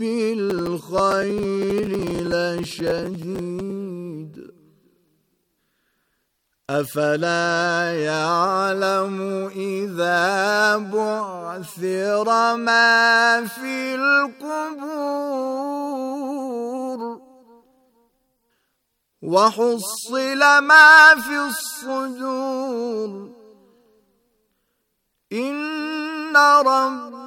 بالخير لشهيد أفلا يعلم إذا بعثر ما في القبور وحصل ما في الصدور إن رب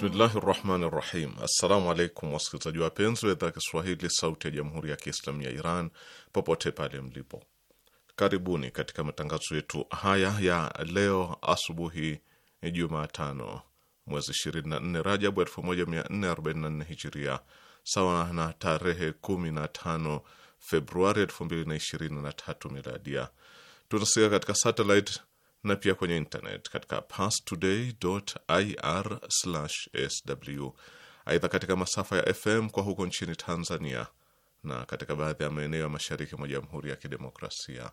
Bismillahi rahmani rahim. Assalamu alaikum wasikilizaji wapenzi wa idhaa Kiswahili sauti ya jamhuri ya Kiislamu ya Iran popote pale mlipo, karibuni katika matangazo yetu haya ya leo asubuhi, Jumatano mwezi 24 Rajabu 1444 Hijiria, sawa na tarehe 15 Februari 2023 Miladia. Tunasikia katika satellite na pia kwenye internet katika pastoday.ir/sw. Aidha, katika masafa ya FM kwa huko nchini Tanzania na katika baadhi ya maeneo ya mashariki mwa Jamhuri ya Kidemokrasia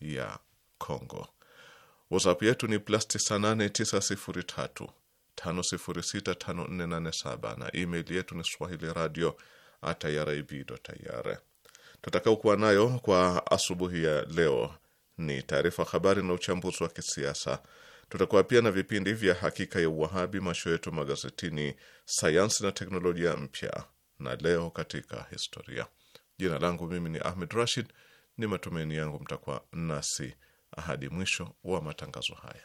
ya Kongo. WhatsApp yetu ni plus 98 na email yetu ni swahili radio irib.ir. Tutakao kuwa nayo kwa asubuhi ya leo ni taarifa habari na uchambuzi wa kisiasa. Tutakuwa pia na vipindi vya Hakika ya Uwahabi, Macho yetu Magazetini, Sayansi na Teknolojia Mpya na Leo katika Historia. Jina langu mimi ni Ahmed Rashid. Ni matumaini yangu mtakuwa nasi hadi mwisho wa matangazo haya.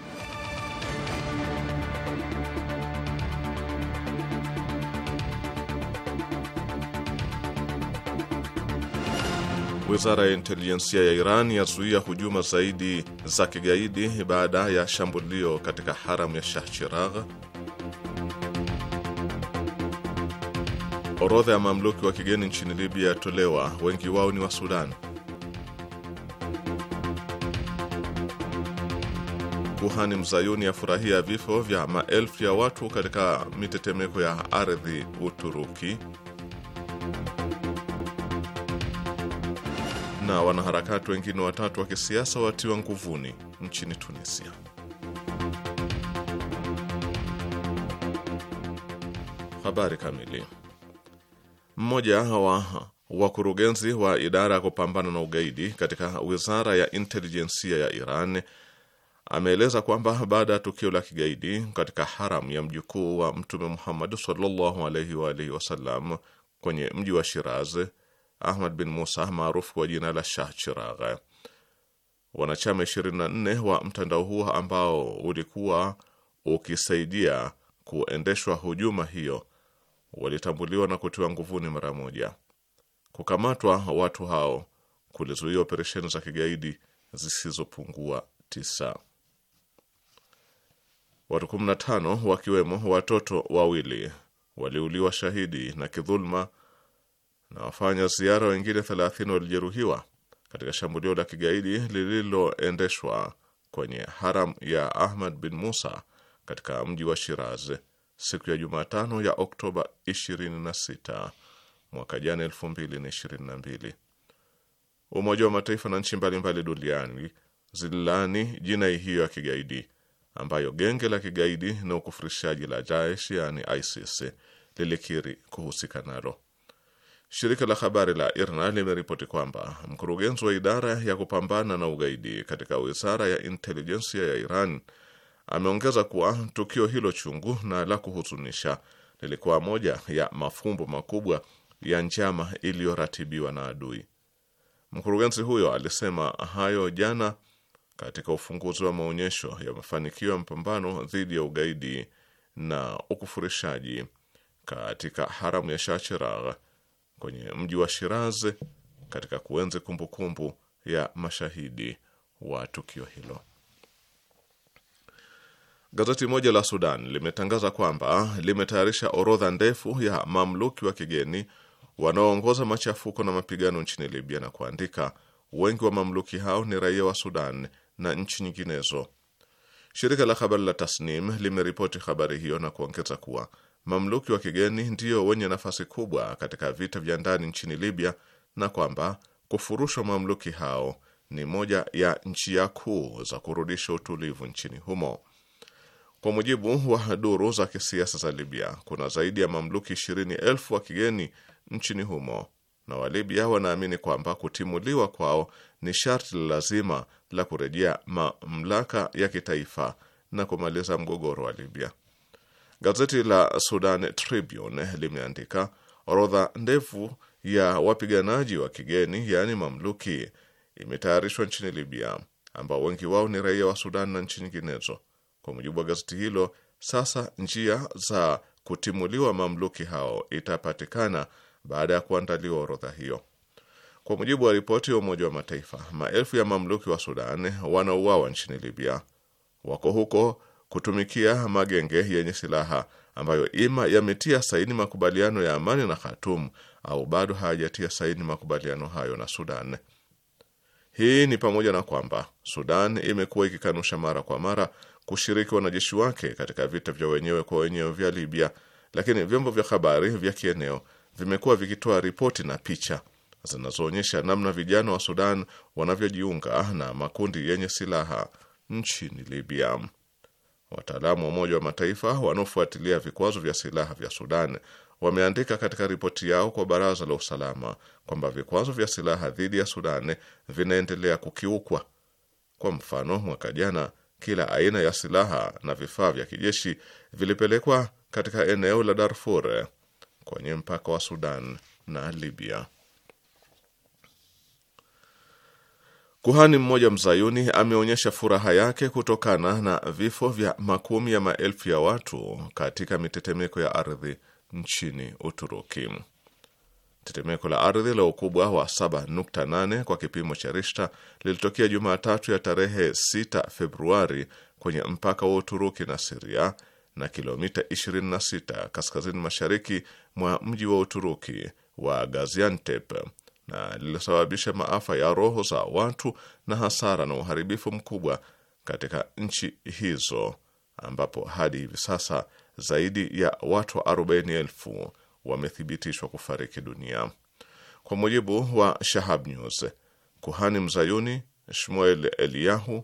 Wizara ya intelijensia ya Iran yazuia hujuma zaidi za kigaidi baada ya shambulio katika haramu ya Shah Cheragh. Orodha ya mamluki wa kigeni nchini Libya yatolewa, wengi wao ni wa Sudan. Kuhani mzayuni afurahia vifo vya maelfu ya watu katika mitetemeko ya ardhi Uturuki. na wanaharakati wengine watatu wa kisiasa watiwa nguvuni nchini Tunisia. Habari kamili. Mmoja wa wakurugenzi wa idara ya kupambana na ugaidi katika wizara ya intelijensia ya Iran ameeleza kwamba baada ya tukio la kigaidi katika haram ya mjukuu wa Mtume Muhammad sallallahu alaihi wa alihi wasallam kwenye mji wa Shiraz Ahmad bin Musa maarufu kwa jina la Shah Chiragh. Wanachama 24 wa mtandao huo ambao ulikuwa ukisaidia kuendeshwa hujuma hiyo walitambuliwa na kutiwa nguvuni mara moja. Kukamatwa watu hao kulizuia operesheni za kigaidi zisizopungua tisa. Watu 15 wakiwemo watoto wawili waliuliwa shahidi na kidhuluma na wafanya ziara wengine 30 walijeruhiwa katika shambulio la kigaidi lililoendeshwa kwenye haram ya Ahmad bin Musa katika mji wa Shiraz siku ya Jumatano ya Oktoba 26 mwaka jana 2022. Umoja wa Mataifa na nchi mbalimbali duniani zililaani jinai hiyo ya kigaidi ambayo genge la kigaidi na ukufurishaji la Daesh yani ISIS lilikiri kuhusika nalo. Shirika la habari la IRNA limeripoti kwamba mkurugenzi wa idara ya kupambana na ugaidi katika wizara ya intelijensia ya Iran ameongeza kuwa tukio hilo chungu na la kuhuzunisha lilikuwa moja ya mafumbo makubwa ya njama iliyoratibiwa na adui. Mkurugenzi huyo alisema hayo jana katika ufunguzi wa maonyesho ya mafanikio ya mapambano dhidi ya ugaidi na ukufurishaji katika haramu ya Shah Cheragh kwenye mji wa Shiraz katika kuenzi kumbukumbu kumbu ya mashahidi wa tukio hilo. Gazeti moja la Sudan limetangaza kwamba limetayarisha orodha ndefu ya mamluki wa kigeni wanaoongoza machafuko na mapigano nchini Libya na kuandika, wengi wa mamluki hao ni raia wa Sudan na nchi nyinginezo. Shirika la habari la Tasnim limeripoti habari hiyo na kuongeza kuwa mamluki wa kigeni ndio wenye nafasi kubwa katika vita vya ndani nchini Libya na kwamba kufurushwa mamluki hao ni moja ya njia kuu za kurudisha utulivu nchini humo. Kwa mujibu wa duru za kisiasa za Libya, kuna zaidi ya mamluki ishirini elfu wa kigeni nchini humo na Walibya wanaamini kwamba kutimuliwa kwao ni sharti la lazima la kurejea mamlaka ya kitaifa na kumaliza mgogoro wa Libya. Gazeti la Sudan Tribune limeandika orodha ndefu ya wapiganaji wa kigeni yaani mamluki imetayarishwa nchini Libya, ambao wengi wao ni raia wa Sudan na nchi nyinginezo. Kwa mujibu wa gazeti hilo, sasa njia za kutimuliwa mamluki hao itapatikana baada ya kuandaliwa orodha hiyo. Kwa mujibu wa ripoti ya Umoja wa Mataifa, maelfu ya mamluki wa Sudan wanauawa nchini Libya, wako huko kutumikia magenge yenye silaha ambayo ima yametia saini makubaliano ya amani na Khartoum au bado hayajatia saini makubaliano hayo na Sudan. Hii ni pamoja na kwamba Sudan imekuwa ikikanusha mara kwa mara kushiriki wanajeshi wake katika vita vya wenyewe kwa wenyewe vya Libya, lakini vyombo vya habari vya kieneo vimekuwa vikitoa ripoti na picha zinazoonyesha namna vijana wa Sudan wanavyojiunga na makundi yenye silaha nchini Libya. Wataalamu wa Umoja wa Mataifa wanaofuatilia vikwazo vya silaha vya Sudan wameandika katika ripoti yao kwa Baraza la Usalama kwamba vikwazo vya silaha dhidi ya Sudan vinaendelea kukiukwa. Kwa mfano, mwaka jana kila aina ya silaha na vifaa vya kijeshi vilipelekwa katika eneo la Darfur kwenye mpaka wa Sudan na Libya. Kuhani mmoja mzayuni ameonyesha furaha yake kutokana na vifo vya makumi ya maelfu ya watu katika mitetemeko ya ardhi nchini Uturuki. Tetemeko la ardhi la ukubwa wa 7.8 kwa kipimo cha rishta lilitokea Jumatatu ya tarehe 6 Februari kwenye mpaka wa Uturuki na Siria na kilomita 26 kaskazini mashariki mwa mji wa Uturuki wa Gaziantep na lilisababisha maafa ya roho za watu na hasara na uharibifu mkubwa katika nchi hizo, ambapo hadi hivi sasa zaidi ya watu wa elfu wamethibitishwa kufariki dunia. Kwa mujibu wa Shahab News, kuhani mzayuni Shmuel Eliyahu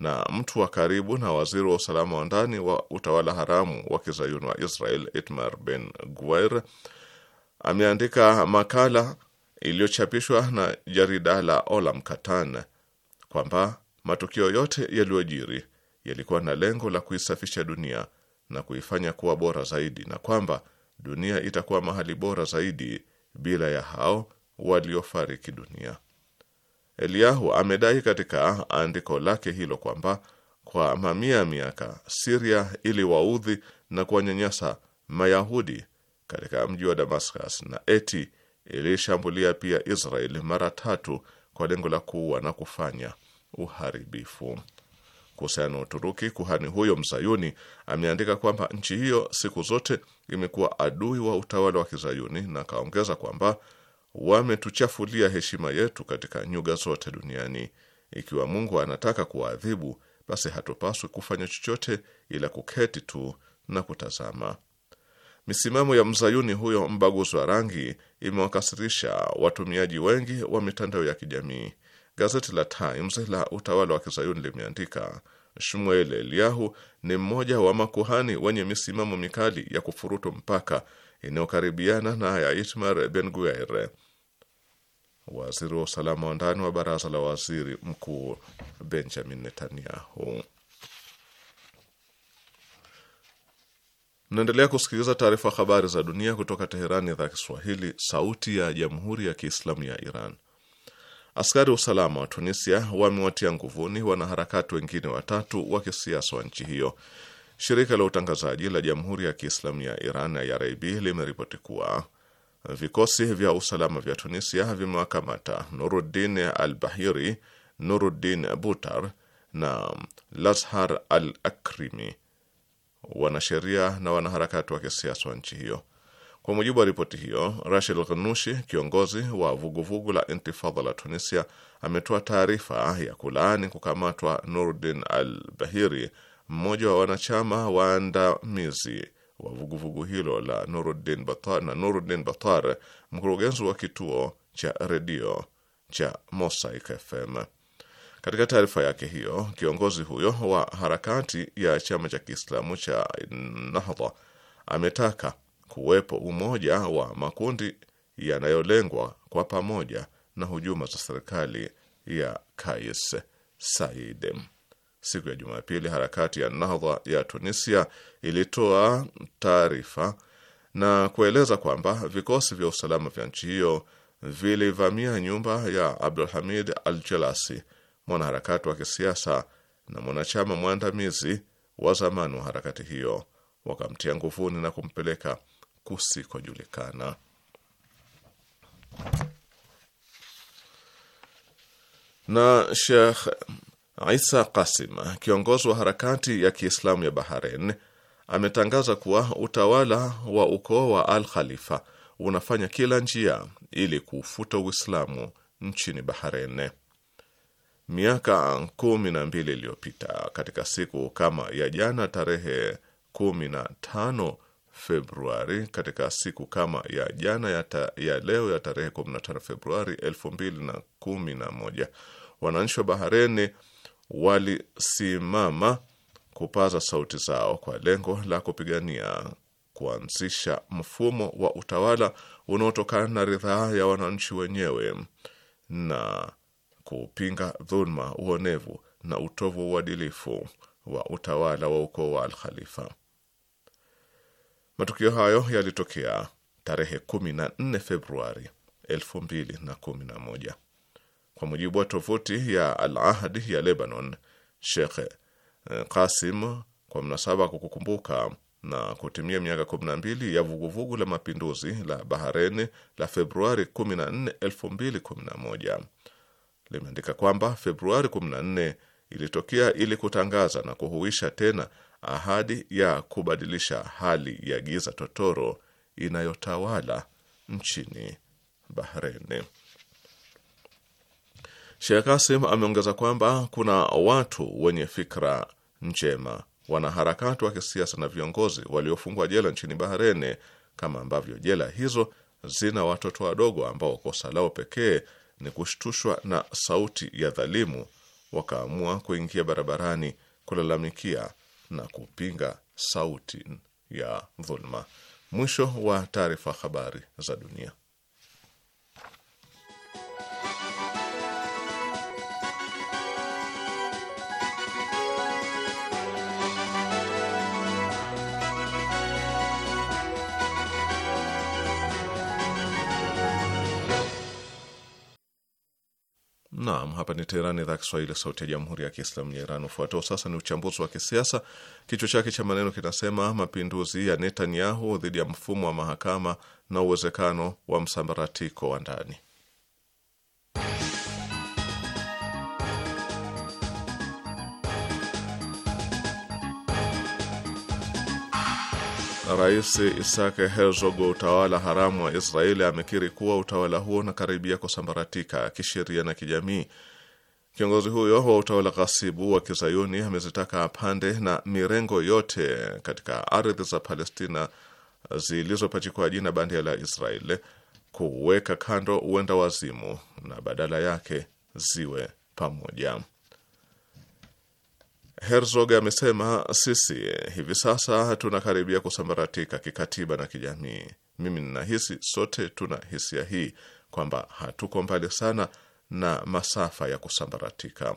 na mtu wa karibu na waziri wa usalama wa ndani wa utawala haramu wa kizayuni wa Israel Itmar Ben Gwer ameandika makala iliyochapishwa na jarida la Olam Katan kwamba matukio yote yaliyojiri yalikuwa na lengo la kuisafisha dunia na kuifanya kuwa bora zaidi na kwamba dunia itakuwa mahali bora zaidi bila ya hao waliofariki dunia. Eliyahu amedai katika andiko lake hilo kwamba kwa mamia ya miaka Siria iliwaudhi na kuwanyanyasa Mayahudi katika mji wa Damascus na eti ilishambulia pia Israel mara tatu kwa lengo la kuua na kufanya uharibifu. Kuhusiana na Uturuki, kuhani huyo mzayuni ameandika kwamba nchi hiyo siku zote imekuwa adui wa utawala wa kizayuni, na akaongeza kwamba wametuchafulia heshima yetu katika nyuga zote duniani. Ikiwa Mungu anataka kuwaadhibu, basi hatupaswi kufanya chochote ila kuketi tu na kutazama. Misimamo ya mzayuni huyo mbaguzi wa rangi imewakasirisha watumiaji wengi wa mitandao ya kijamii. Gazeti la Times la utawala wa kizayuni limeandika Shmuel Eliyahu ni mmoja wa makuhani wenye misimamo mikali ya kufurutu mpaka inayokaribiana na ya Itmar Ben Guer, waziri wa usalama wa ndani wa baraza la waziri mkuu Benjamin Netanyahu. Mnaendelea kusikiliza taarifa habari za dunia kutoka Teherani, idhaa Kiswahili, sauti ya jamhuri ya kiislamu ya Iran. Askari usalama wa Tunisia wamewatia nguvuni wanaharakati wengine watatu wa kisiasa wa nchi hiyo. Shirika la utangazaji la jamhuri ya kiislamu ya Iran ya IRIB limeripoti kuwa vikosi vya usalama vya Tunisia vimewakamata Nuruddin al Bahiri, Nuruddin Butar na Lazhar al Akrimi wanasheria na wanaharakati wa kisiasa wa nchi hiyo. Kwa mujibu wa ripoti hiyo, Rashid Ghanushi, kiongozi wa vuguvugu vugu la Intifadha la Tunisia, ametoa taarifa ya kulaani kukamatwa Nurdin Al Bahiri, mmoja wa wanachama waandamizi wa vuguvugu hilo la Nuruddin Batar, na Nuruddin Batar, mkurugenzi wa kituo cha redio cha Mosaic FM. Katika taarifa yake hiyo, kiongozi huyo wa harakati ya chama cha Kiislamu cha Nahdha ametaka kuwepo umoja wa makundi yanayolengwa kwa pamoja na hujuma za serikali ya Kais Saied. Siku ya Jumapili, harakati ya Nahdha ya Tunisia ilitoa taarifa na kueleza kwamba vikosi vya usalama vya nchi hiyo vilivamia nyumba ya Abdulhamid Al jelasi mwanaharakati wa kisiasa na mwanachama mwandamizi wa zamani wa harakati hiyo, wakamtia nguvuni na kumpeleka kusikojulikana. Na Sheikh Isa Qasim, kiongozi wa harakati ya Kiislamu ya Bahrain, ametangaza kuwa utawala wa ukoo wa Al Khalifa unafanya kila njia ili kuufuta Uislamu nchini Bahrain. Miaka kumi na mbili iliyopita katika siku kama ya jana, tarehe kumi na tano Februari, katika siku kama ya jana ya, ta, ya leo ya tarehe 15 Februari 2011 wananchi wa Bahareni walisimama kupaza sauti zao kwa lengo la kupigania kuanzisha mfumo wa utawala unaotokana na ridhaa ya wananchi wenyewe na kupinga dhulma uonevu na utovu wa uadilifu wa utawala wa ukoo wa alkhalifa Matukio hayo yalitokea tarehe 14 Februari 2011. Kwa mujibu wa tovuti ya Al Ahdi ya Lebanon, Sheikh eh, Qasim, kwa mnasaba wa kukukumbuka na kutimia miaka 12 ya vuguvugu la mapinduzi la Bahareni la Februari 14, 2011 limeandika kwamba Februari 14 ilitokea ili kutangaza na kuhuisha tena ahadi ya kubadilisha hali ya giza totoro inayotawala nchini Bahrein. Sheikh Kasim ameongeza kwamba kuna watu wenye fikra njema, wanaharakati wa kisiasa na viongozi waliofungwa jela nchini Bahrein, kama ambavyo jela hizo zina watoto wadogo ambao kosa lao pekee ni kushtushwa na sauti ya dhalimu, wakaamua kuingia barabarani kulalamikia na kupinga sauti ya dhuluma. Mwisho wa taarifa. Habari za dunia. Naam, hapa ni Teherani, idhaa Kiswahili, sauti ya jamhuri ya kiislamu ya Iran. Ufuatao sasa ni uchambuzi wa kisiasa, kichwa chake cha maneno kinasema mapinduzi ya Netanyahu dhidi ya mfumo wa mahakama na uwezekano wa msambaratiko wa ndani. Rais Isaac Herzog wa utawala haramu wa Israeli amekiri kuwa utawala huo unakaribia kusambaratika kisheria na kijamii. Kiongozi huyo wa utawala ghasibu wa kizayuni amezitaka pande na mirengo yote katika ardhi za Palestina zilizopachikwa jina bandia la Israeli kuweka kando uenda wazimu na badala yake ziwe pamoja. Herzog amesema sisi hivi sasa tunakaribia kusambaratika kikatiba na kijamii. Mimi ninahisi sote tuna hisia hii kwamba hatuko mbali sana na masafa ya kusambaratika.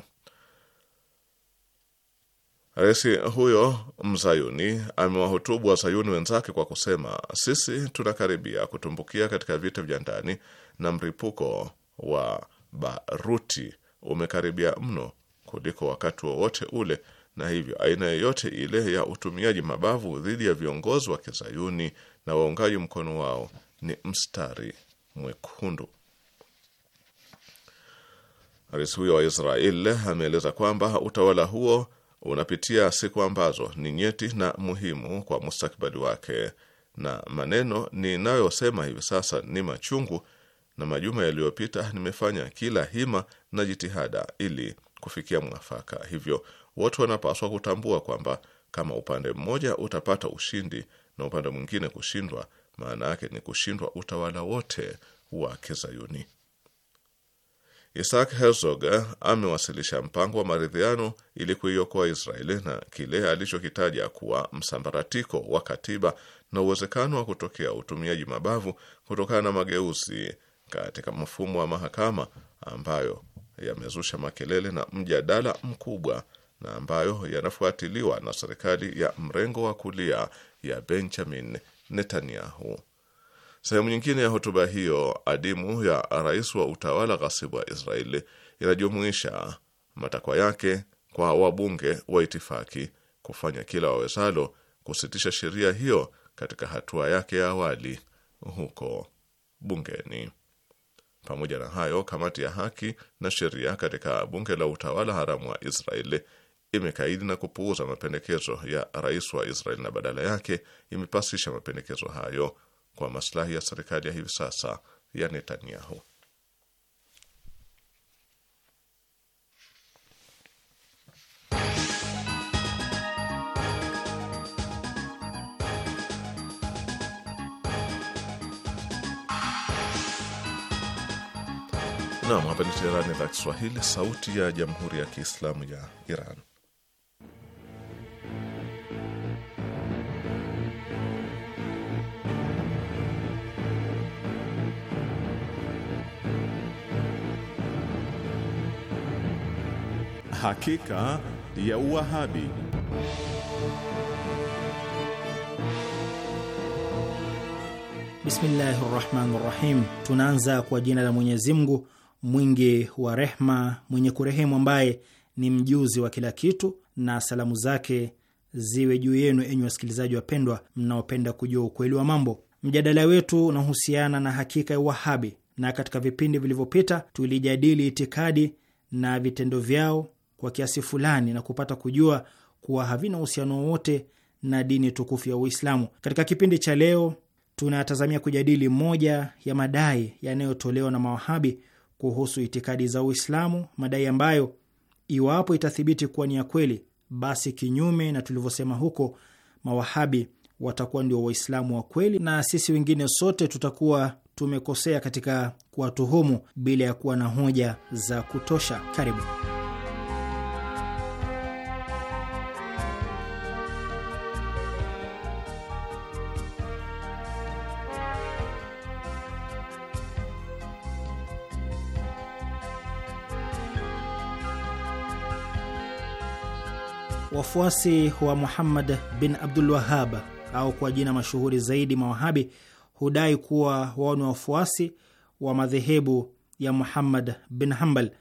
Rais huyo mzayuni amewahutubu wazayuni wenzake kwa kusema sisi tunakaribia kutumbukia katika vita vya ndani na mripuko wa baruti umekaribia mno kuliko wakati wowote wa ule, na hivyo aina yoyote ile ya utumiaji mabavu dhidi ya viongozi wa kizayuni na waungaji mkono wao ni mstari mwekundu. Rais huyo wa Israel ameeleza kwamba utawala huo unapitia siku ambazo ni nyeti na muhimu kwa mustakabali wake, na maneno ninayosema hivi sasa ni machungu, na majuma yaliyopita nimefanya kila hima na jitihada ili kufikia mwafaka. Hivyo wote wanapaswa kutambua kwamba kama upande mmoja utapata ushindi na upande mwingine kushindwa, maana yake ni kushindwa utawala wote wa Kizayuni. Isaac Herzog eh, amewasilisha mpango wa maridhiano ili kuiokoa Israeli na kile alichokitaja kuwa msambaratiko wa katiba na uwezekano wa kutokea utumiaji mabavu kutokana na mageuzi katika mfumo wa mahakama ambayo yamezusha makelele na mjadala mkubwa na ambayo yanafuatiliwa na serikali ya mrengo wa kulia ya Benjamin Netanyahu. Sehemu nyingine ya hotuba hiyo adimu ya rais wa utawala ghasibu wa Israeli inajumuisha matakwa yake kwa wabunge wa itifaki kufanya kila wawezalo kusitisha sheria hiyo katika hatua yake ya awali huko bungeni. Pamoja na hayo, kamati ya haki na sheria katika bunge la utawala haramu wa Israeli imekaidi na kupuuza mapendekezo ya rais wa Israeli na badala yake imepasisha mapendekezo hayo kwa maslahi ya serikali ya hivi sasa ya Netanyahu. Nam, hapa ni Teherani, idhaa Kiswahili, sauti ya jamhuri ya kiislamu ya Iran. Hakika ya Uwahabi. Bismillahi rahmani rahim. Tunaanza kwa jina la Mwenyezi Mungu mwingi wa rehma, mwenye kurehemu, ambaye ni mjuzi wa kila kitu, na salamu zake ziwe juu yenu, enyi wasikilizaji wapendwa, mnaopenda kujua ukweli wa mambo. Mjadala wetu unahusiana na hakika ya Wahabi, na katika vipindi vilivyopita tulijadili itikadi na vitendo vyao kwa kiasi fulani na kupata kujua kuwa havina uhusiano wowote na dini tukufu ya Uislamu. Katika kipindi cha leo tunatazamia kujadili moja ya madai yanayotolewa na mawahabi kuhusu itikadi za Uislamu, madai ambayo iwapo itathibiti kuwa ni ya kweli, basi kinyume na tulivyosema huko, mawahabi watakuwa ndio Waislamu wa kweli na sisi wengine sote tutakuwa tumekosea katika kuwatuhumu bila ya kuwa na hoja za kutosha. Karibu. Wafuasi wa Muhammad bin Abdul Wahab au kwa jina mashuhuri zaidi Mawahabi hudai kuwa wao ni wafuasi wa madhehebu ya Muhammad bin Hambal.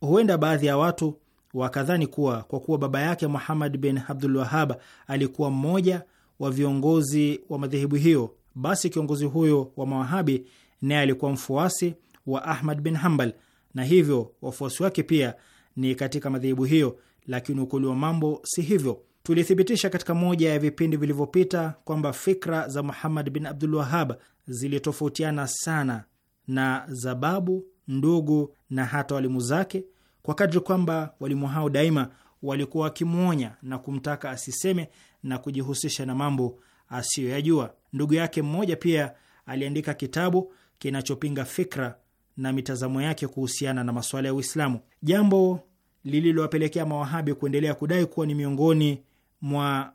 Huenda baadhi ya watu wakadhani kuwa kwa kuwa baba yake Muhammad bin Abdul Wahab alikuwa mmoja wa viongozi wa madhehebu hiyo, basi kiongozi huyo wa Mawahabi naye alikuwa mfuasi wa Ahmad bin Hambal, na hivyo wafuasi wake pia ni katika madhehebu hiyo lakini ukweli wa mambo si hivyo. Tulithibitisha katika moja ya vipindi vilivyopita kwamba fikra za Muhammad bin Abdul Wahab zilitofautiana sana na za babu, ndugu na hata walimu zake, kwa kadri kwamba walimu hao daima walikuwa wakimwonya na kumtaka asiseme na kujihusisha na mambo asiyoyajua. Ndugu yake mmoja pia aliandika kitabu kinachopinga fikra na mitazamo yake kuhusiana na masuala ya Uislamu. Jambo lililowapelekea mawahabi kuendelea kudai kuwa ni miongoni mwa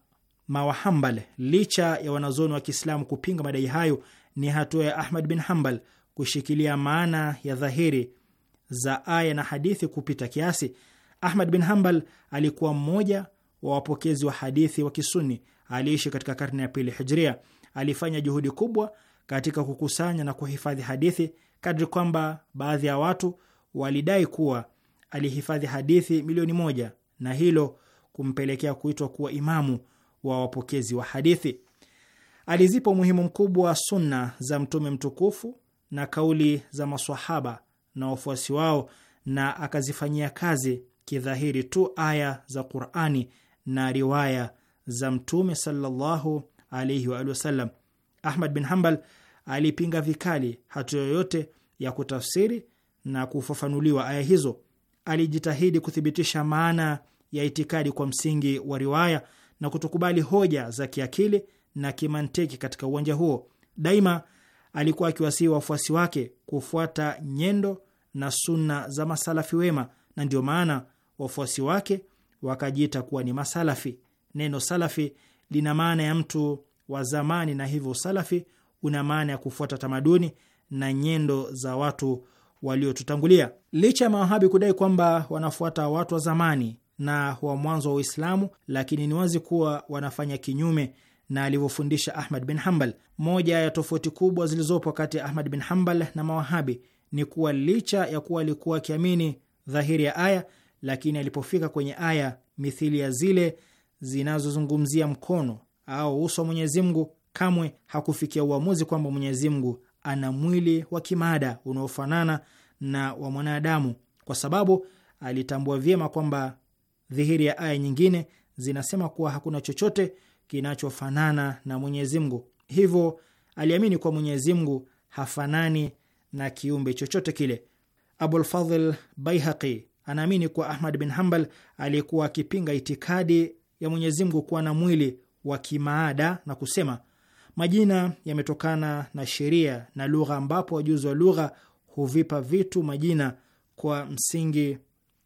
mawahambal licha ya wanazoni wa Kiislamu kupinga madai hayo, ni hatua ya Ahmad bin Hambal kushikilia maana ya dhahiri za aya na hadithi kupita kiasi. Ahmad bin Hambal alikuwa mmoja wa wapokezi wa hadithi wa Kisuni. Aliishi katika karne ya pili Hijria. Alifanya juhudi kubwa katika kukusanya na kuhifadhi hadithi kadri kwamba baadhi ya watu walidai kuwa alihifadhi hadithi milioni moja na hilo kumpelekea kuitwa kuwa imamu wa wapokezi wa hadithi. Alizipa umuhimu mkubwa wa sunna za Mtume mtukufu na kauli za maswahaba na wafuasi wao na akazifanyia kazi kidhahiri tu aya za Qur'ani na riwaya za Mtume sallallahu alaihi wa wasallam. Ahmad bin Hambal alipinga vikali hatua yoyote ya kutafsiri na kufafanuliwa aya hizo alijitahidi kuthibitisha maana ya itikadi kwa msingi wa riwaya na kutokubali hoja za kiakili na kimanteki katika uwanja huo. Daima alikuwa akiwasihi wafuasi wake kufuata nyendo na sunna za masalafi wema, na ndio maana wafuasi wake wakajiita kuwa ni masalafi. Neno salafi lina maana ya mtu wa zamani, na hivyo salafi una maana ya kufuata tamaduni na nyendo za watu waliotutangulia. Licha ya mawahabi kudai kwamba wanafuata watu wa zamani na wa mwanzo wa Uislamu, lakini ni wazi kuwa wanafanya kinyume na alivyofundisha Ahmad bin Hambal. Moja ya tofauti kubwa zilizopo kati ya Ahmad bin Hambal na mawahabi ni kuwa licha ya kuwa alikuwa akiamini dhahiri ya aya, lakini alipofika kwenye aya mithili ya zile zinazozungumzia mkono au uso wa Mwenyezi Mungu, kamwe hakufikia uamuzi kwamba Mwenyezi Mungu ana mwili wa kimada unaofanana na wa mwanadamu, kwa sababu alitambua vyema kwamba dhihiri ya aya nyingine zinasema kuwa hakuna chochote kinachofanana na Mwenyezi Mungu. Hivyo aliamini kuwa Mwenyezi Mungu hafanani na kiumbe chochote kile. Abulfadhl Baihaqi anaamini kuwa Ahmad bin Hambal alikuwa akipinga itikadi ya Mwenyezi Mungu kuwa na mwili wa kimaada na kusema Majina yametokana na sheria na lugha, ambapo wajuzi wa lugha huvipa vitu majina kwa msingi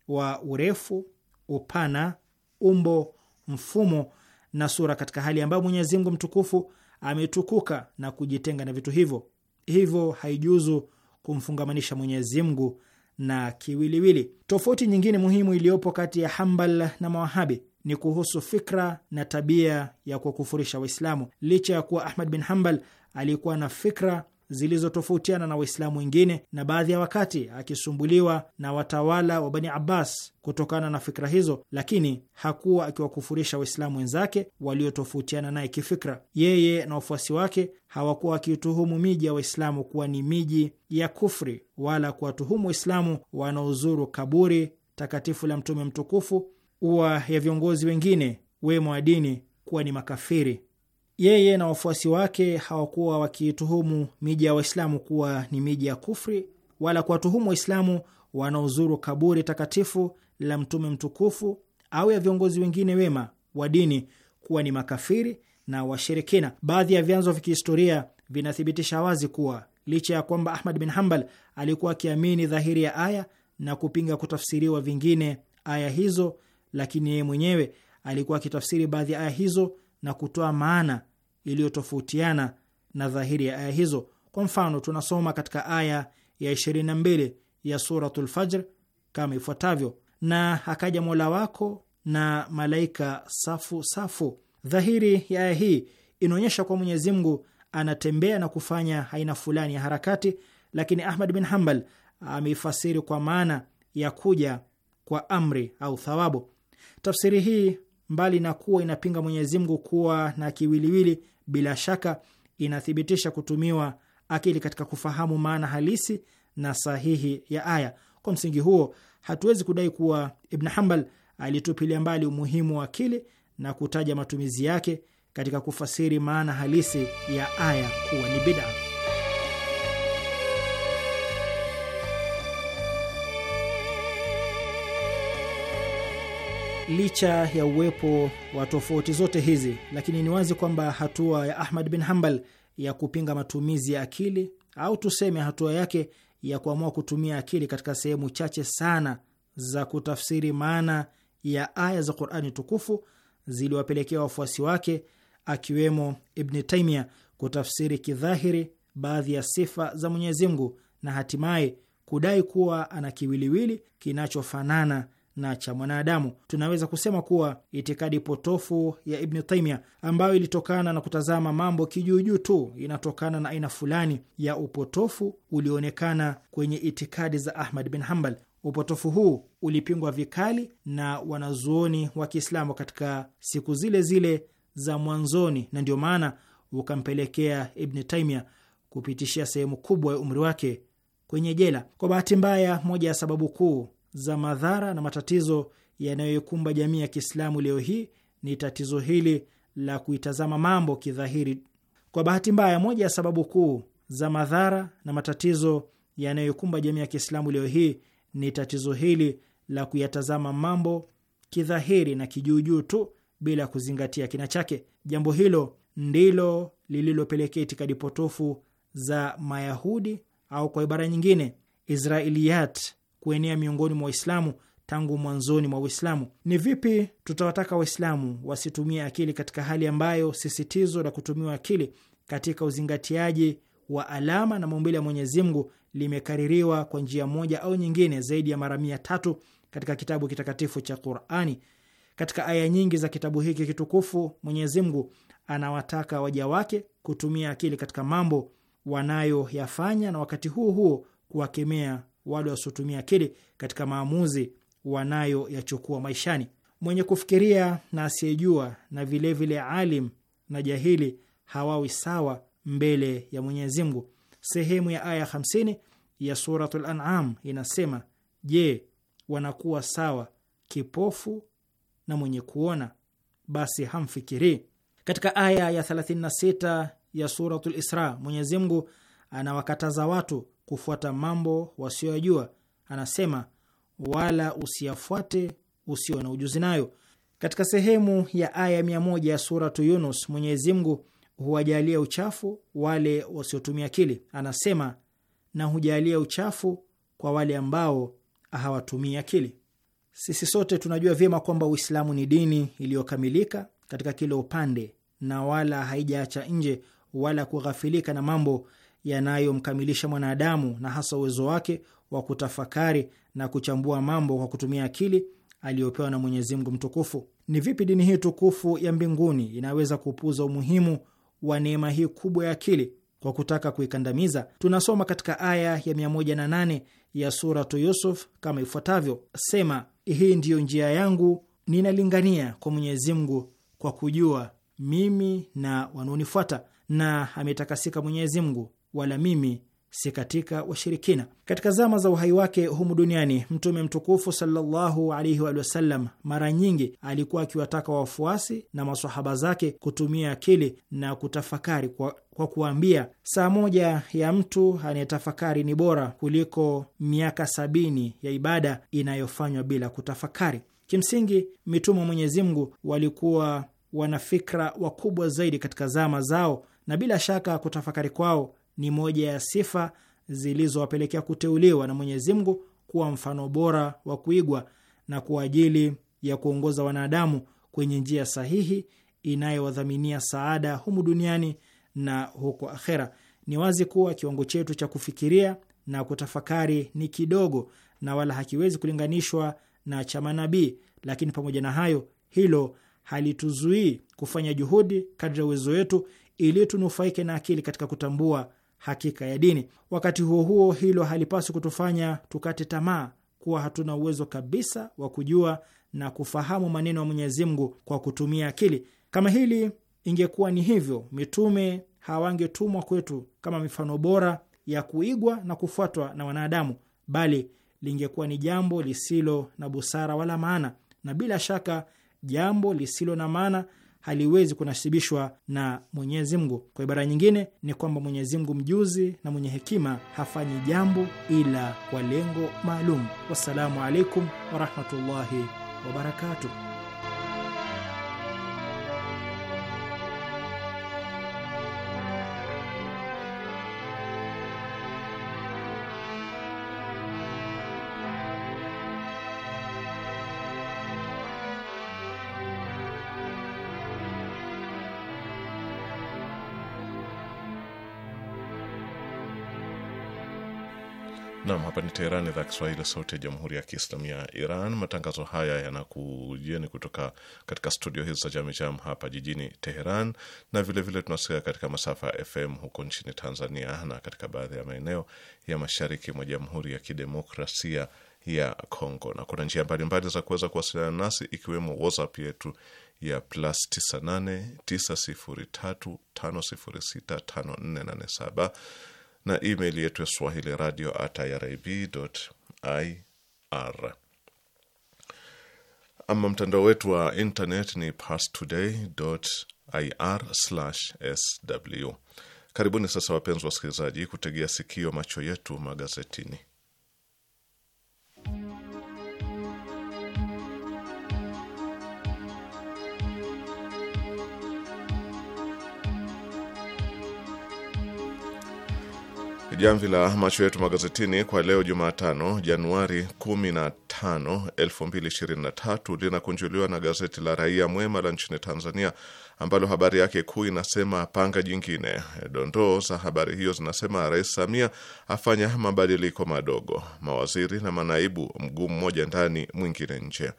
wa urefu, upana, umbo, mfumo na sura, katika hali ambayo Mwenyezi Mungu mtukufu ametukuka na kujitenga na vitu hivyo. Hivyo haijuzu kumfungamanisha Mwenyezi Mungu na kiwiliwili. Tofauti nyingine muhimu iliyopo kati ya Hambal na Mawahabi ni kuhusu fikra na tabia ya kuwakufurisha Waislamu. Licha ya kuwa Ahmad bin hambal alikuwa na fikra zilizotofautiana na Waislamu wengine na baadhi ya wakati akisumbuliwa na watawala wa Bani Abbas kutokana na fikra hizo, lakini hakuwa akiwakufurisha Waislamu wenzake waliotofautiana naye kifikra. Yeye na wafuasi wake hawakuwa wakituhumu miji ya Waislamu kuwa ni miji ya kufri wala kuwatuhumu Waislamu wanaozuru kaburi takatifu la Mtume mtukufu ua ya viongozi wengine wemo wa dini kuwa ni makafiri. Yeye na wafuasi wake hawakuwa wakiituhumu miji ya Waislamu kuwa ni miji ya kufri wala kuwatuhumu Waislamu wanaozuru kaburi takatifu la Mtume mtukufu au ya viongozi wengine wema wa dini kuwa ni makafiri na washirikina. Baadhi ya vyanzo vya kihistoria vinathibitisha wazi kuwa licha ya kwamba Ahmad bin hambal alikuwa akiamini dhahiri ya aya na kupinga kutafsiriwa vingine aya hizo lakini yeye mwenyewe alikuwa akitafsiri baadhi ya aya hizo na kutoa maana iliyotofautiana na dhahiri ya aya hizo. Kwa mfano, tunasoma katika aya ya 22 ya Suratul Fajr kama ifuatavyo: na akaja Mola wako na malaika safu safu. Dhahiri ya aya hii inaonyesha kuwa Mwenyezi Mungu anatembea na kufanya aina fulani ya harakati, lakini Ahmad bin Hambal ameifasiri kwa maana ya kuja kwa amri au thawabu. Tafsiri hii mbali na kuwa inapinga Mwenyezi Mungu kuwa na kiwiliwili, bila shaka inathibitisha kutumiwa akili katika kufahamu maana halisi na sahihi ya aya. Kwa msingi huo, hatuwezi kudai kuwa Ibn Hanbal alitupilia mbali umuhimu wa akili na kutaja matumizi yake katika kufasiri maana halisi ya aya kuwa ni bidaa. Licha ya uwepo wa tofauti zote hizi, lakini ni wazi kwamba hatua ya Ahmad bin Hanbal ya kupinga matumizi ya akili au tuseme hatua yake ya kuamua kutumia akili katika sehemu chache sana za kutafsiri maana ya aya za Qur'ani tukufu ziliwapelekea wafuasi wake akiwemo Ibn Taymiyyah kutafsiri kidhahiri baadhi ya sifa za Mwenyezi Mungu na hatimaye kudai kuwa ana kiwiliwili kinachofanana na cha mwanadamu. Tunaweza kusema kuwa itikadi potofu ya Ibni Taimia ambayo ilitokana na kutazama mambo kijuujuu tu inatokana na aina fulani ya upotofu ulioonekana kwenye itikadi za Ahmad bin Hambal. Upotofu huu ulipingwa vikali na wanazuoni wa Kiislamu katika siku zile zile za mwanzoni, na ndio maana ukampelekea Ibni Taimia kupitishia sehemu kubwa ya umri wake kwenye jela. Kwa bahati mbaya, moja ya sababu kuu za madhara na matatizo yanayoikumba jamii ya Kiislamu leo hii ni tatizo hili la kuitazama mambo kidhahiri. Kwa bahati mbaya, moja ya sababu kuu za madhara na matatizo yanayoikumba jamii ya Kiislamu leo hii ni tatizo hili la kuyatazama mambo kidhahiri na kijuujuu tu bila kuzingatia kina chake. Jambo hilo ndilo lililopelekea itikadi potofu za Mayahudi au kwa ibara nyingine Israiliyat kuenea miongoni mwa Waislamu tangu mwanzoni mwa Uislamu. Ni vipi tutawataka Waislamu wasitumie akili katika hali ambayo sisitizo la kutumiwa akili katika uzingatiaji wa alama na maumbile ya Mwenyezi Mungu limekaririwa kwa njia moja au nyingine zaidi ya mara mia tatu katika kitabu kitakatifu cha Qurani. Katika aya nyingi za kitabu hiki kitukufu, Mwenyezi Mungu anawataka waja wake kutumia akili katika mambo wanayoyafanya na wakati huo huo kuwakemea wale wasiotumia akili katika maamuzi wanayoyachukua maishani. Mwenye kufikiria na asiyejua na vilevile vile alim na jahili hawawi sawa mbele ya Mwenyezi Mungu. Sehemu ya aya 50 ya Suratul An'am inasema, je, wanakuwa sawa kipofu na mwenye kuona? Basi hamfikirii. Katika aya ya 36 ya Suratul Isra, Mwenyezi Mungu anawakataza watu kufuata mambo wasioyajua. Anasema wala usiyafuate usio na ujuzi nayo. Katika sehemu ya aya mia moja ya Suratu Yunus, Mwenyezi Mungu huwajalia uchafu wale wasiotumia akili. Anasema na hujalia uchafu kwa wale ambao hawatumii akili. Sisi sote tunajua vyema kwamba Uislamu ni dini iliyokamilika katika kila upande na wala haijaacha nje wala kughafilika na mambo yanayomkamilisha mwanadamu na hasa uwezo wake wa kutafakari na kuchambua mambo kwa kutumia akili aliyopewa na Mwenyezi Mungu mtukufu. Ni vipi dini hii tukufu ya mbinguni inaweza kupuuza umuhimu wa neema hii kubwa ya akili kwa kutaka kuikandamiza? Tunasoma katika aya ya 108 ya Suratu Yusuf kama ifuatavyo: Sema, hii ndiyo njia yangu, ninalingania kwa Mwenyezi Mungu kwa kujua mimi na wanaonifuata, na ametakasika Mwenyezi Mungu wala mimi si katika washirikina. Katika zama za uhai wake humu duniani, Mtume mtukufu sallallahu alaihi wa sallam mara nyingi alikuwa akiwataka wafuasi na masahaba zake kutumia akili na kutafakari kwa, kwa kuambia, saa moja ya mtu anayetafakari ni bora kuliko miaka sabini ya ibada inayofanywa bila kutafakari. Kimsingi, mitume wa Mwenyezi Mungu walikuwa wanafikra wakubwa zaidi katika zama zao, na bila shaka kutafakari kwao ni moja ya sifa zilizowapelekea kuteuliwa na Mwenyezi Mungu kuwa mfano bora wa kuigwa na kwa ajili ya kuongoza wanadamu kwenye njia sahihi inayowadhaminia saada humu duniani na huko akhera. Ni wazi kuwa kiwango chetu cha kufikiria na kutafakari ni kidogo na wala hakiwezi kulinganishwa na cha manabii, lakini pamoja na hayo, hilo halituzuii kufanya juhudi kadri ya uwezo wetu ili tunufaike na akili katika kutambua hakika ya dini. Wakati huo huo, hilo halipaswi kutufanya tukate tamaa kuwa hatuna uwezo kabisa wa kujua na kufahamu maneno ya Mwenyezi Mungu kwa kutumia akili. Kama hili ingekuwa ni hivyo, mitume hawangetumwa kwetu kama mifano bora ya kuigwa na kufuatwa na wanadamu, bali lingekuwa ni jambo lisilo na busara wala maana, na bila shaka jambo lisilo na maana haliwezi kunasibishwa na Mwenyezi Mungu. Kwa ibara nyingine ni kwamba Mwenyezi Mungu mjuzi na mwenye hekima hafanyi jambo ila kwa lengo maalum. Wassalamu alaikum warahmatullahi wabarakatuh. Hapa ni Teherani, idhaa Kiswahili, sauti ya jamhuri ya kiislamu ya Iran. Matangazo haya yanakujieni kutoka katika studio hizi za Jamijam hapa jijini Teheran, na vilevile tunasikia katika masafa ya FM huko nchini Tanzania na katika baadhi ya maeneo ya mashariki mwa Jamhuri ya Kidemokrasia ya Kongo, na kuna njia mbalimbali za kuweza kuwasiliana nasi ikiwemo WhatsApp yetu ya plus 98 903 506 5487 na email yetu ya swahili radio at irib.ir. Ama mtandao wetu wa internet ni pastoday.ir/sw. Karibuni sasa, wapenzi wasikilizaji, kutegea sikio macho yetu magazetini. Jamvi la macho yetu magazetini kwa leo Jumatano Januari 5 2023 linakunjuliwa na gazeti la Raia Mwema la nchini Tanzania, ambalo habari yake kuu inasema panga jingine. Dondoo za habari hiyo zinasema Rais Samia afanya mabadiliko madogo, mawaziri na manaibu, mguu mmoja ndani mwingine nje.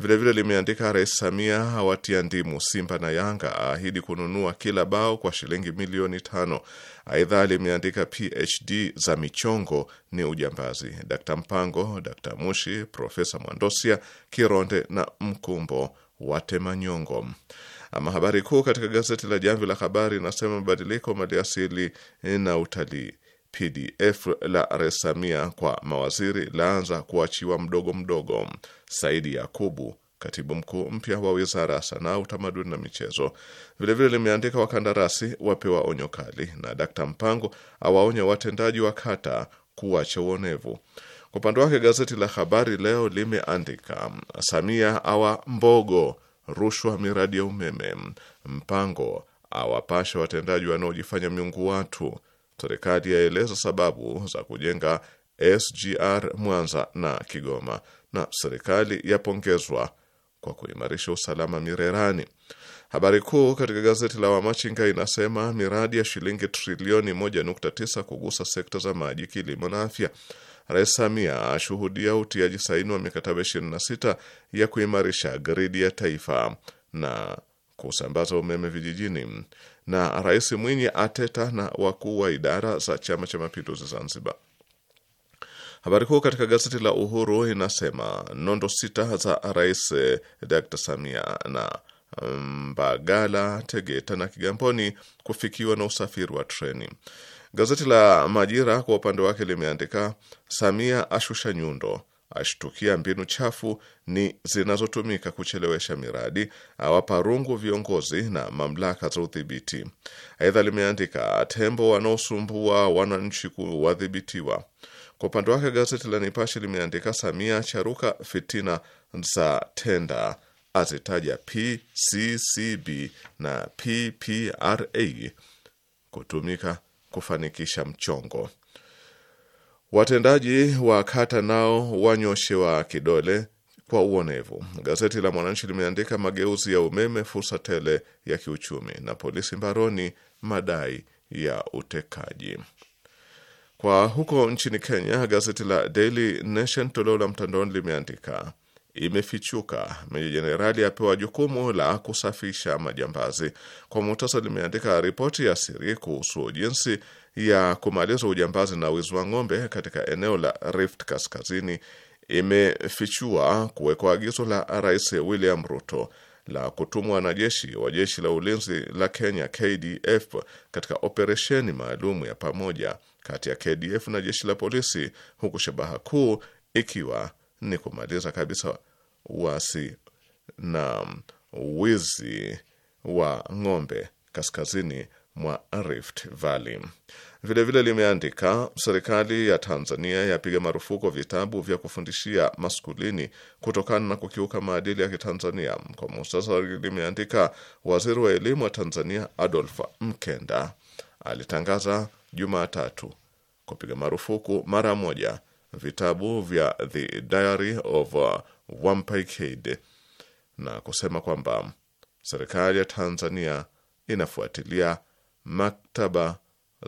Vilevile limeandika Rais Samia awatia ndimu Simba na Yanga, aahidi kununua kila bao kwa shilingi milioni tano. Aidha limeandika PhD za michongo ni ujambazi, Dkt Mpango, Dkt Mushi Profesa Mwandosia, Kironde na Mkumbo wa Temanyongo. Ama habari kuu katika gazeti la Jamvi la Habari inasema mabadiliko maliasili na utalii PDF la Rais Samia kwa mawaziri laanza kuachiwa mdogo mdogo. Saidi Yakubu, katibu mkuu mpya wa wizara ya sanaa, utamaduni na michezo, vilevile limeandika wakandarasi wapewa onyo kali, na Dkt Mpango awaonya watendaji wa kata kuacha uonevu. Kwa upande wake gazeti la Habari Leo limeandika Samia awa mbogo rushwa miradi ya umeme, Mpango awapasha watendaji wanaojifanya miungu watu, serikali yaeleza sababu za kujenga SGR Mwanza na Kigoma, na serikali yapongezwa kwa kuimarisha usalama Mirerani. Habari kuu katika gazeti la Wamachinga inasema miradi ya shilingi trilioni 1.9 kugusa sekta za maji, kilimo na afya. Rais Samia ashuhudia utiaji saini wa mikataba 26 ya kuimarisha gridi ya taifa na kusambaza umeme vijijini, na Rais Mwinyi ateta na wakuu wa idara za Chama cha Mapinduzi Zanzibar. Habari kuu katika gazeti la Uhuru inasema nondo sita za Rais Dr. Samia na Mbagala, Tegeta na Kigamboni kufikiwa na usafiri wa treni. Gazeti la Majira kwa upande wake limeandika Samia ashusha nyundo, ashtukia mbinu chafu ni zinazotumika kuchelewesha miradi, awapa rungu viongozi na mamlaka za udhibiti. Aidha limeandika tembo wanaosumbua wananchi kuwadhibitiwa. Kwa upande wake gazeti la Nipashe limeandika Samia charuka fitina za tenda, azitaja PCCB na PPRA kutumika kufanikisha mchongo. Watendaji wa kata nao wanyoshewa kidole kwa uonevu. Gazeti la Mwananchi limeandika mageuzi ya umeme, fursa tele ya kiuchumi, na polisi mbaroni madai ya utekaji. Kwa huko nchini Kenya, gazeti la Daily Nation toleo la mtandaoni limeandika imefichuka. Meja Jenerali apewa jukumu la kusafisha majambazi. Kwa mutasa limeandika ripoti ya siri kuhusu jinsi ya kumaliza ujambazi na wizi wa ng'ombe katika eneo la Rift Kaskazini imefichua kuwekwa agizo la Rais William Ruto la kutumwa wanajeshi wa jeshi la ulinzi la Kenya KDF katika operesheni maalum ya pamoja kati ya KDF na jeshi la polisi, huku shabaha kuu ikiwa ni kumaliza kabisa wasi na wizi wa ng'ombe kaskazini mwa Rift Valley. Vilevile limeandika serikali ya Tanzania yapiga marufuku vitabu vya kufundishia maskulini kutokana na kukiuka maadili ya Kitanzania. Kwa muhtasari, limeandika waziri wa elimu wa Tanzania Adolf Mkenda alitangaza Jumatatu kupiga marufuku mara moja vitabu vya The Diary of uh, Wimpy Kid na kusema kwamba serikali ya Tanzania inafuatilia maktaba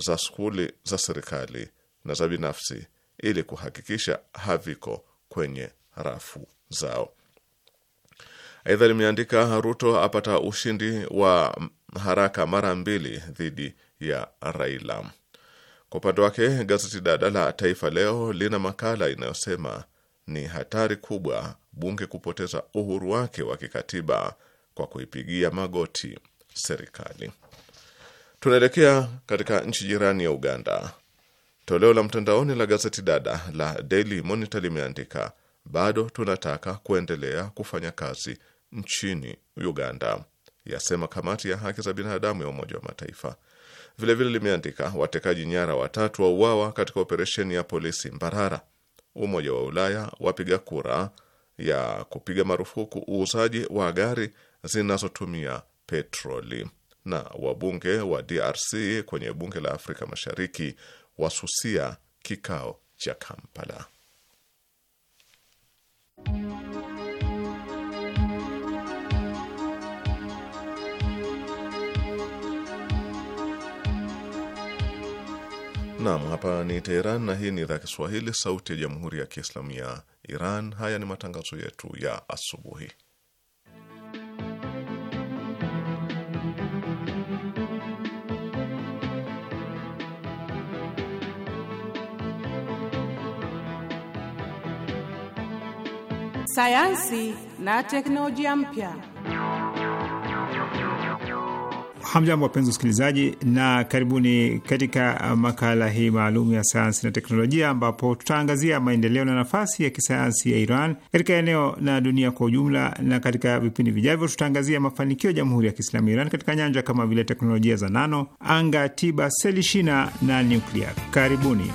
za skuli za serikali na za binafsi ili kuhakikisha haviko kwenye rafu zao. Aidha, limeandika Ruto apata ushindi wa haraka mara mbili dhidi ya Raila. Kwa upande wake gazeti dada la Taifa Leo lina makala inayosema ni hatari kubwa bunge kupoteza uhuru wake wa kikatiba kwa kuipigia magoti serikali. Tunaelekea katika nchi jirani ya Uganda. Toleo la mtandaoni la gazeti dada la Daily Monitor limeandika bado tunataka kuendelea kufanya kazi nchini Uganda, yasema kamati ya haki za binadamu ya Umoja wa Mataifa. Vilevile limeandika watekaji nyara watatu wauawa katika operesheni ya polisi Mbarara. Umoja wa Ulaya wapiga kura ya kupiga marufuku uuzaji wa gari zinazotumia petroli, na wabunge wa DRC kwenye bunge la Afrika Mashariki wasusia kikao cha Kampala. Naam, hapa ni Teheran na hii ni idhaa Kiswahili sauti ya Jamhuri ya Kiislamu ya Iran. Haya ni matangazo yetu ya asubuhi. Sayansi na teknolojia mpya. Hamjambo, wapenzi wasikilizaji, na karibuni katika makala hii maalum ya sayansi na teknolojia, ambapo tutaangazia maendeleo na nafasi ya kisayansi ya Iran katika eneo na dunia kwa ujumla. Na katika vipindi vijavyo, tutaangazia mafanikio ya Jamhuri ya Kiislamu ya Iran katika nyanja kama vile teknolojia za nano, anga, tiba, seli shina na nyuklia. Karibuni.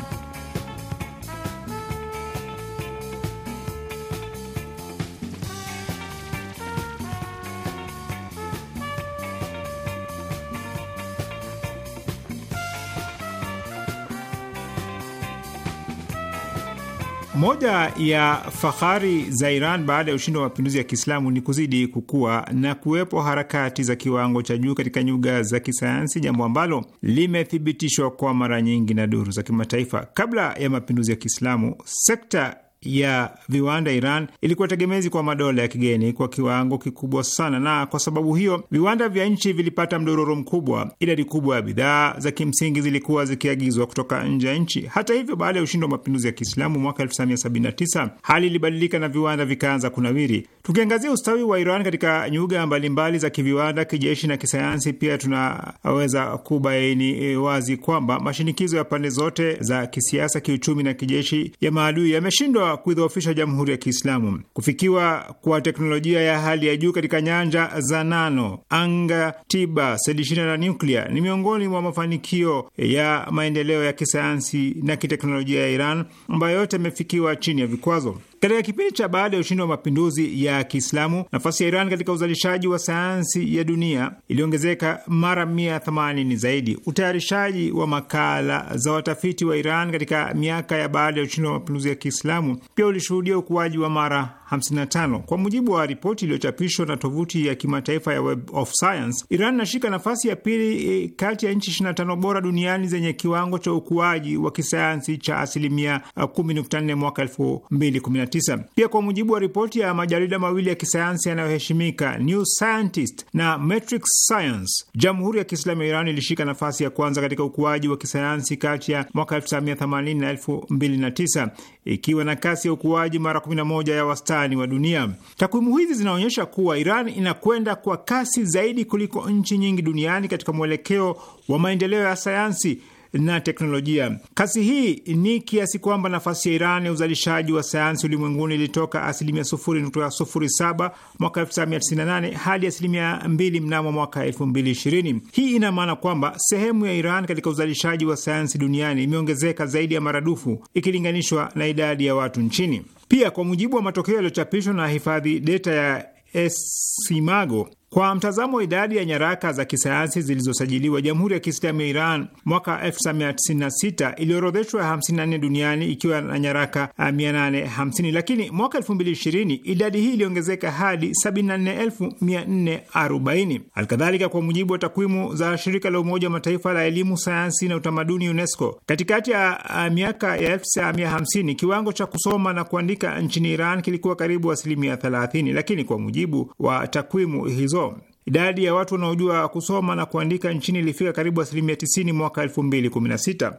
Moja ya fahari za Iran baada ya ushindi wa mapinduzi ya Kiislamu ni kuzidi kukua na kuwepo harakati za kiwango cha juu katika nyuga za kisayansi, jambo ambalo limethibitishwa kwa mara nyingi na duru za kimataifa. Kabla ya mapinduzi ya Kiislamu, sekta ya viwanda Iran ilikuwa tegemezi kwa madola ya kigeni kwa kiwango kikubwa sana, na kwa sababu hiyo viwanda vya nchi vilipata mdororo mkubwa. Idadi kubwa ya bidhaa za kimsingi zilikuwa zikiagizwa kutoka nje ya nchi. Hata hivyo, baada ya ushindi wa mapinduzi ya Kiislamu mwaka 1979 hali ilibadilika na viwanda vikaanza kunawiri. Tukiangazia ustawi wa Iran katika nyuga mbalimbali za kiviwanda, kijeshi na kisayansi, pia tunaweza kubaini e, wazi kwamba mashinikizo ya pande zote za kisiasa, kiuchumi na kijeshi ya maadui yameshindwa kuidhoofisha Jamhuri ya Kiislamu. Kufikiwa kwa teknolojia ya hali ya juu katika nyanja za nano, anga, tiba, selishina na nyuklia ni miongoni mwa mafanikio ya maendeleo ya kisayansi na kiteknolojia ya Iran ambayo yote yamefikiwa chini ya vikwazo. Katika kipindi cha baada ya ushindi wa mapinduzi ya Kiislamu, nafasi ya Iran katika uzalishaji wa sayansi ya dunia iliongezeka mara 180 zaidi. Utayarishaji wa makala za watafiti wa Iran katika miaka ya baada ya ushindi wa mapinduzi ya Kiislamu pia ulishuhudia ukuaji wa mara 55. Kwa mujibu wa ripoti iliyochapishwa na tovuti ya kimataifa ya Web of Science, Iran inashika nafasi ya pili e, kati ya nchi 25 bora duniani zenye kiwango cha ukuaji wa kisayansi cha asilimia 10.4 mwaka 2015. 19 Pia kwa mujibu wa ripoti ya majarida mawili ya kisayansi yanayoheshimika New Scientist na Matrix Science, Jamhuri ya Kiislamu ya Iran ilishika nafasi ya kwanza katika ukuaji wa kisayansi kati ya mwaka 1980 na 2009 ikiwa na kasi ya ukuaji mara 11 ya wastani wa dunia. Takwimu hizi zinaonyesha kuwa Iran inakwenda kwa kasi zaidi kuliko nchi nyingi duniani katika mwelekeo wa maendeleo ya sayansi na teknolojia. Kasi hii ni kiasi kwamba nafasi ya Iran ya uzalishaji wa sayansi ulimwenguni ilitoka asilimia 0.07 mwaka 1998 hadi asilimia 2 mnamo mwaka 2020. Hii ina maana kwamba sehemu ya Iran katika uzalishaji wa sayansi duniani imeongezeka zaidi ya maradufu ikilinganishwa na idadi ya watu nchini. Pia kwa mujibu wa matokeo yaliyochapishwa na hifadhi data ya Esimago kwa mtazamo wa idadi ya nyaraka za kisayansi zilizosajiliwa, Jamhuri ya Kiislamu ya Iran mwaka 1996 iliorodheshwa 54 duniani ikiwa na nyaraka 850, ah, lakini mwaka 2020 idadi hii iliongezeka hadi 74440. Alkadhalika, kwa mujibu wa takwimu za shirika la Umoja wa Mataifa la elimu, sayansi na utamaduni UNESCO, katikati ya ah, miaka ya 1950 kiwango cha kusoma na kuandika nchini Iran kilikuwa karibu asilimia 30, lakini kwa mujibu wa takwimu hizo hizo. Idadi ya watu wanaojua kusoma na kuandika nchini ilifika karibu asilimia 90 mwaka 2016.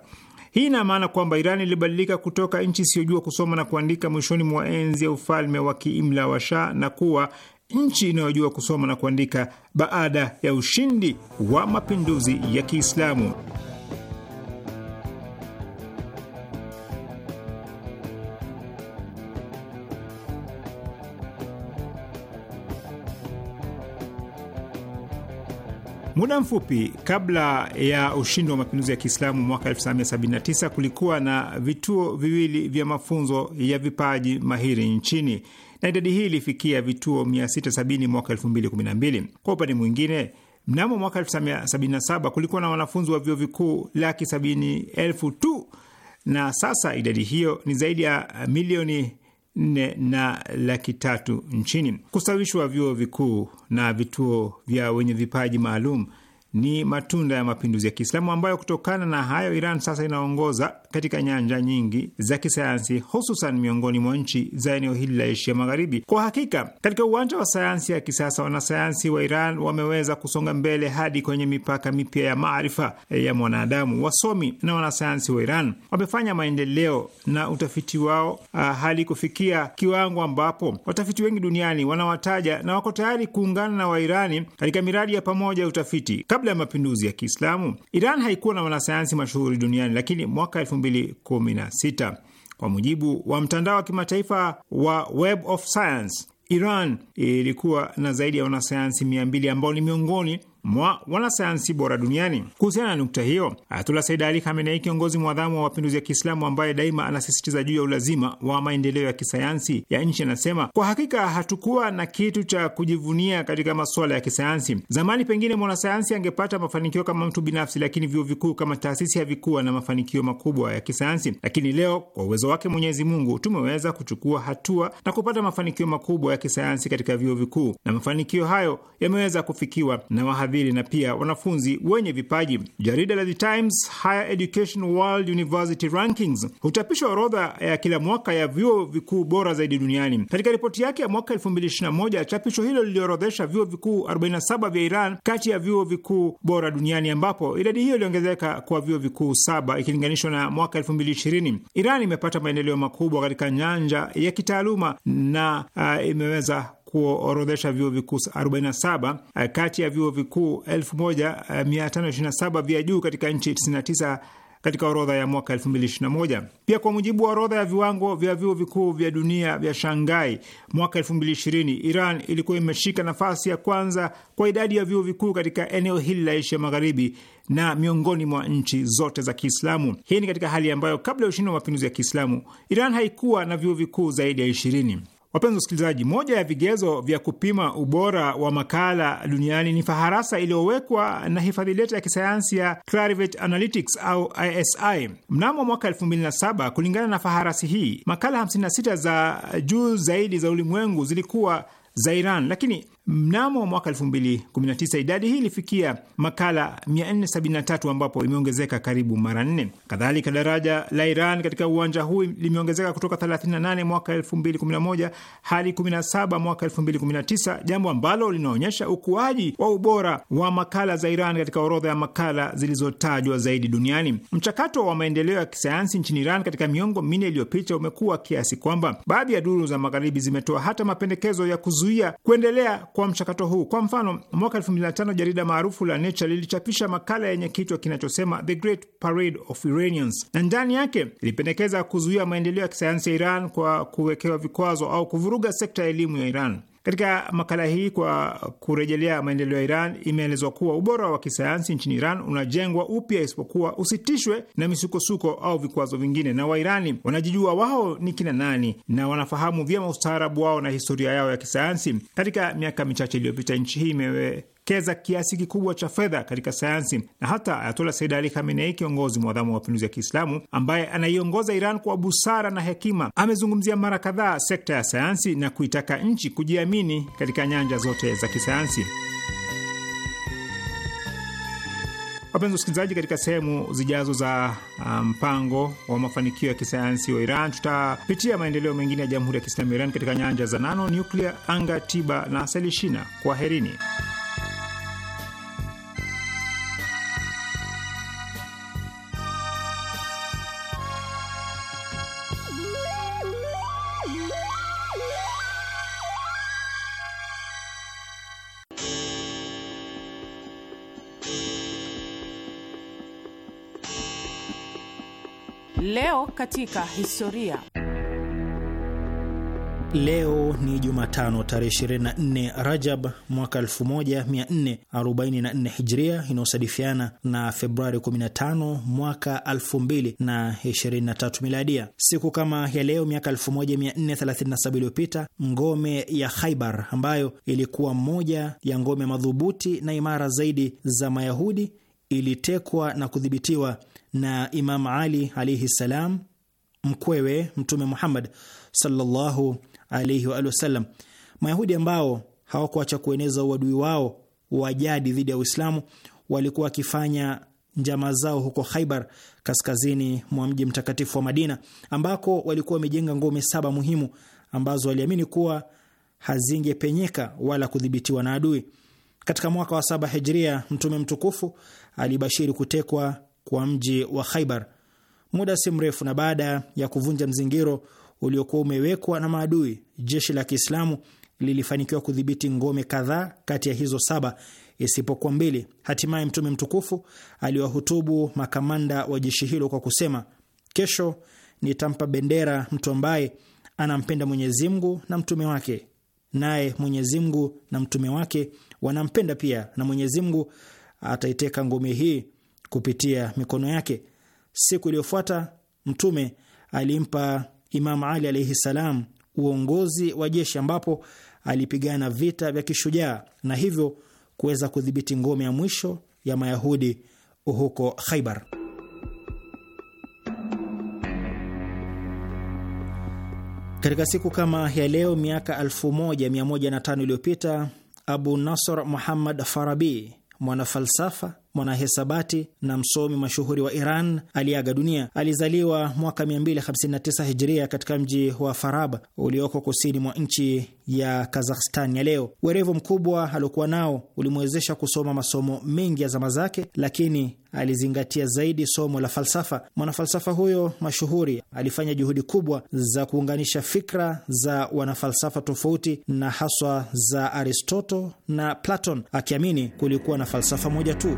Hii ina maana kwamba Iran ilibadilika kutoka nchi isiyojua kusoma na kuandika mwishoni mwa enzi ya ufalme wa kiimla wa Shah na kuwa nchi inayojua kusoma na kuandika baada ya ushindi wa mapinduzi ya Kiislamu. Muda mfupi kabla ya ushindi wa mapinduzi ya Kiislamu mwaka 1979 kulikuwa na vituo viwili vya mafunzo ya vipaji mahiri nchini na idadi hii ilifikia vituo 670 mwaka 2012. Kwa upande mwingine, mnamo mwaka 1977 kulikuwa na wanafunzi wa vyuo vikuu laki 7 elfu tu na sasa idadi hiyo ni zaidi ya milioni nne na laki tatu nchini. Kustawishwa vyuo vikuu na vituo vya wenye vipaji maalum ni matunda ya mapinduzi ya Kiislamu ambayo kutokana na hayo Iran sasa inaongoza katika nyanja nyingi za kisayansi, hususan miongoni mwa nchi za eneo hili la Asia Magharibi. Kwa hakika, katika uwanja wa sayansi ya kisasa, wanasayansi wa Iran wameweza kusonga mbele hadi kwenye mipaka mipya ya maarifa ya mwanadamu. Wasomi na wanasayansi wa Iran wamefanya maendeleo na utafiti wao ah, hadi kufikia kiwango ambapo watafiti wengi duniani wanawataja na wako tayari kuungana na Wairani katika miradi ya pamoja ya utafiti. Kabla ya mapinduzi ya Kiislamu, Iran haikuwa na wanasayansi mashuhuri duniani, lakini mwaka elfu 2016. Kwa mujibu wa mtandao wa kimataifa wa Web of Science, Iran ilikuwa na zaidi ya wanasayansi 200 ambao ni miongoni mwa wanasayansi bora duniani. Kuhusiana na nukta hiyo, Ayatullah Said Ali Khamenei, kiongozi mwadhamu wa mapinduzi ya Kiislamu ambaye daima anasisitiza juu ya ulazima wa maendeleo ya kisayansi ya nchi, anasema kwa hakika hatukuwa na kitu cha kujivunia katika masuala ya kisayansi. Zamani pengine mwanasayansi angepata mafanikio kama mtu binafsi, lakini vyuo vikuu kama taasisi havikuwa na mafanikio makubwa ya kisayansi. Lakini leo kwa uwezo wake Mwenyezi Mungu tumeweza kuchukua hatua na kupata mafanikio makubwa ya kisayansi katika vyuo vikuu, na mafanikio hayo yameweza kufikiwa na wahadhi wahadhiri na pia wanafunzi wenye vipaji. Jarida la The Times Higher Education World University Rankings huchapisha orodha ya kila mwaka ya vyuo vikuu bora zaidi duniani. Katika ripoti yake ya mwaka 2021 chapisho hilo liliorodhesha vyuo vikuu 47 vya Iran kati ya vyuo vikuu bora duniani, ambapo idadi hiyo iliongezeka kwa vyuo vikuu saba ikilinganishwa na mwaka 2020. Iran imepata maendeleo makubwa katika nyanja ya kitaaluma na uh, imeweza kuorodhesha vyuo vikuu 47 eh, kati ya vyuo vikuu 1527 vya juu katika nchi 99 katika orodha ya mwaka 2021. Pia kwa mujibu wa orodha ya viwango vya vyuo vikuu vya dunia vya Shanghai mwaka 2020, Iran ilikuwa imeshika nafasi ya kwanza kwa idadi ya vyuo vikuu katika eneo hili la Asia Magharibi na miongoni mwa nchi zote za Kiislamu. Hii ni katika hali ambayo kabla ya ushindi wa mapinduzi ya Kiislamu Iran haikuwa na vyuo vikuu zaidi ya ishirini. Wapenzi wasikilizaji, moja ya vigezo vya kupima ubora wa makala duniani ni faharasa iliyowekwa na hifadhi leta ya kisayansi ya Clarivate Analytics au ISI mnamo mwaka 2007. Kulingana na faharasi hii, makala 56 za juu zaidi za ulimwengu zilikuwa za Iran, lakini Mnamo mwaka 2019 idadi hii ilifikia makala 473 ambapo imeongezeka karibu mara nne. Kadhalika, daraja la Iran katika uwanja huu limeongezeka kutoka 38 mwaka 2011 hadi 17 mwaka 2019, jambo ambalo linaonyesha ukuaji wa ubora wa makala za Iran katika orodha ya makala zilizotajwa zaidi duniani. Mchakato wa maendeleo ya kisayansi nchini Iran katika miongo minne iliyopita umekuwa kiasi kwamba baadhi ya duru za magharibi zimetoa hata mapendekezo ya kuzuia kuendelea kwa kwa mchakato huu. Kwa mfano, mwaka 2005 jarida maarufu la Nature lilichapisha makala yenye kichwa kinachosema The Great Parade of Iranians, na ndani yake ilipendekeza kuzuia maendeleo ya kisayansi ya Iran kwa kuwekewa vikwazo au kuvuruga sekta ya elimu ya Iran. Katika makala hii, kwa kurejelea maendeleo ya Iran, imeelezwa kuwa ubora wa kisayansi nchini Iran unajengwa upya, isipokuwa usitishwe na misukosuko au vikwazo vingine, na Wairani wanajijua wao ni kina nani na wanafahamu vyema ustaarabu wao na historia yao ya kisayansi. Katika miaka michache iliyopita, nchi hii imewe kuwekeza kiasi kikubwa cha fedha katika sayansi. Na hata Ayatola Said Ali Khamenei, kiongozi mwadhamu wa mapinduzi ya Kiislamu ambaye anaiongoza Iran kwa busara na hekima, amezungumzia mara kadhaa sekta ya sayansi na kuitaka nchi kujiamini katika nyanja zote za kisayansi. Wapenzi wasikilizaji, katika sehemu zijazo za uh, mpango um, wa mafanikio ya kisayansi wa Iran tutapitia maendeleo mengine ya Jamhuri ya Kiislamu ya Iran katika nyanja za nano, nuklia anga, tiba na selishina. Kwaherini. Leo katika historia. Leo ni Jumatano tarehe 24 Rajab mwaka 1444 Hijria, inayosadifiana na Februari 15 mwaka 2023 Miladia. Siku kama ya leo miaka 1437 iliyopita, ngome ya Khaibar ambayo ilikuwa moja ya ngome madhubuti na imara zaidi za Mayahudi ilitekwa na kudhibitiwa na Imam Ali alaihi ssalam, mkwewe Mtume Muhammad sallallahu alaihi wa alihi wasallam. Mayahudi ambao hawakuacha kueneza uadui wao wa jadi dhidi ya Uislamu walikuwa wakifanya njama zao huko Khaibar, kaskazini mwa mji mtakatifu wa Madina, ambako walikuwa wamejenga ngome saba muhimu ambazo waliamini kuwa hazingepenyeka wala kudhibitiwa na adui. Katika mwaka wa saba Hijria, Mtume mtukufu alibashiri kutekwa kwa mji wa Khaibar muda si mrefu. Na baada ya kuvunja mzingiro uliokuwa umewekwa na maadui, jeshi la Kiislamu lilifanikiwa kudhibiti ngome kadhaa kati ya hizo saba isipokuwa mbili. Hatimaye Mtume mtukufu aliwahutubu makamanda wa jeshi hilo kwa kusema, kesho nitampa bendera mtu ambaye anampenda Mwenyezi Mungu na mtume wake, naye Mwenyezi Mungu na mtume wake wanampenda pia, na Mwenyezi Mungu ataiteka ngome hii kupitia mikono yake. Siku iliyofuata Mtume alimpa Imam Ali alaihi salam uongozi wa jeshi ambapo alipigana vita vya kishujaa na hivyo kuweza kudhibiti ngome ya mwisho ya Mayahudi huko Khaibar. Katika siku kama ya leo miaka 1105 iliyopita Abu Nasr Muhammad Farabi, mwanafalsafa mwanahesabati na msomi mashuhuri wa Iran aliaga dunia. Alizaliwa mwaka 259 Hijria katika mji wa Farab ulioko kusini mwa nchi ya Kazakhstan ya leo. Werevu mkubwa aliokuwa nao ulimwezesha kusoma masomo mengi ya zama zake, lakini alizingatia zaidi somo la falsafa. Mwanafalsafa huyo mashuhuri alifanya juhudi kubwa za kuunganisha fikra za wanafalsafa tofauti na haswa za Aristoto na Platon, akiamini kulikuwa na falsafa moja tu.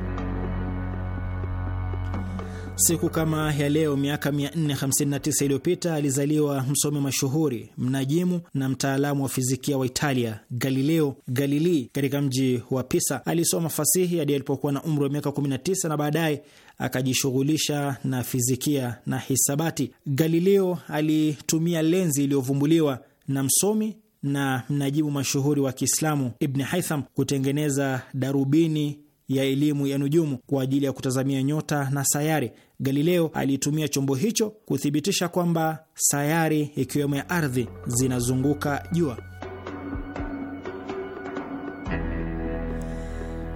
Siku kama ya leo miaka 459 iliyopita alizaliwa msomi mashuhuri, mnajimu na mtaalamu wa fizikia wa Italia, Galileo Galilei, katika mji wa Pisa. Alisoma fasihi hadi alipokuwa na umri wa miaka 19 na baadaye akajishughulisha na fizikia na hisabati. Galileo alitumia lenzi iliyovumbuliwa na msomi na mnajimu mashuhuri wa Kiislamu ibn Haitham kutengeneza darubini ya elimu ya nujumu kwa ajili ya kutazamia nyota na sayari. Galileo alitumia chombo hicho kuthibitisha kwamba sayari ikiwemo ya ardhi zinazunguka jua.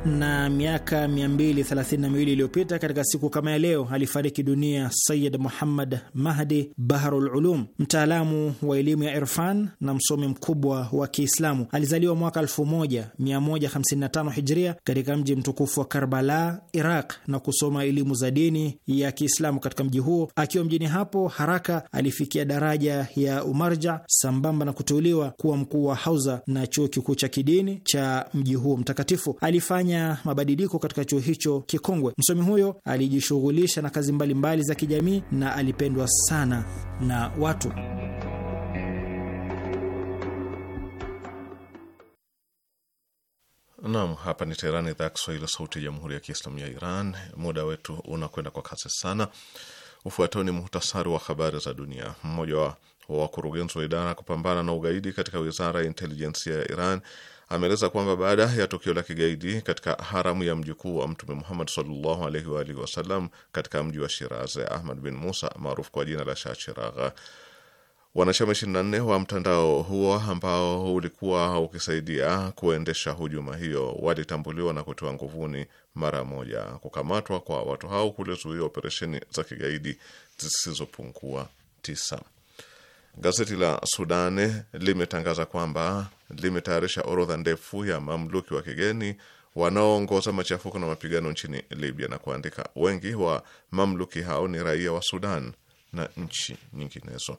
na miaka 232 iliyopita katika siku kama ya leo alifariki dunia Sayid Muhammad Mahdi Baharul Ulum, mtaalamu wa elimu ya irfan na msomi mkubwa wa Kiislamu. Alizaliwa mwaka 1155 Hijria katika mji mtukufu wa Karbala, Iraq, na kusoma elimu za dini ya Kiislamu katika mji huo. Akiwa mjini hapo, haraka alifikia daraja ya umarja, sambamba na kuteuliwa kuwa mkuu wa hauza na chuo kikuu cha kidini cha mji huo mtakatifu. Alifanya kufanya mabadiliko katika chuo hicho kikongwe. Msomi huyo alijishughulisha na kazi mbalimbali mbali za kijamii na alipendwa sana na watu. nam hapa ni Teherani, idhaa ya Kiswahili, sauti ya jamhuri ya kiislamu ya Iran. Muda wetu unakwenda kwa kasi sana. Ufuatao ni muhtasari wa habari za dunia. Mmoja wa wakurugenzi wa idara ya kupambana na ugaidi katika wizara ya intelijensia ya Iran ameeleza kwamba baada ya tukio la kigaidi katika haramu ya mjukuu wa Mtume Muhammad sallallahu alaihi wa alihi wasallam katika mji wa Shiraz, Ahmad bin Musa maarufu kwa jina la Shah Cheragha, wanachama 24 wa mtandao huo ambao ulikuwa ukisaidia kuendesha hujuma hiyo walitambuliwa na kutiwa nguvuni mara moja. Kukamatwa kwa watu hao kulizuia operesheni za kigaidi zisizopungua tisa. Gazeti la sudan limetangaza kwamba limetayarisha orodha ndefu ya mamluki wa kigeni wanaoongoza machafuko na mapigano nchini Libya na kuandika, wengi wa mamluki hao ni raia wa Sudan na nchi nyinginezo.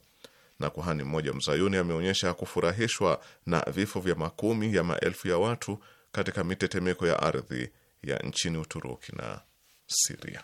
Na kuhani mmoja mzayuni ameonyesha kufurahishwa na vifo vya makumi ya maelfu ya watu katika mitetemeko ya ardhi ya nchini Uturuki na Siria.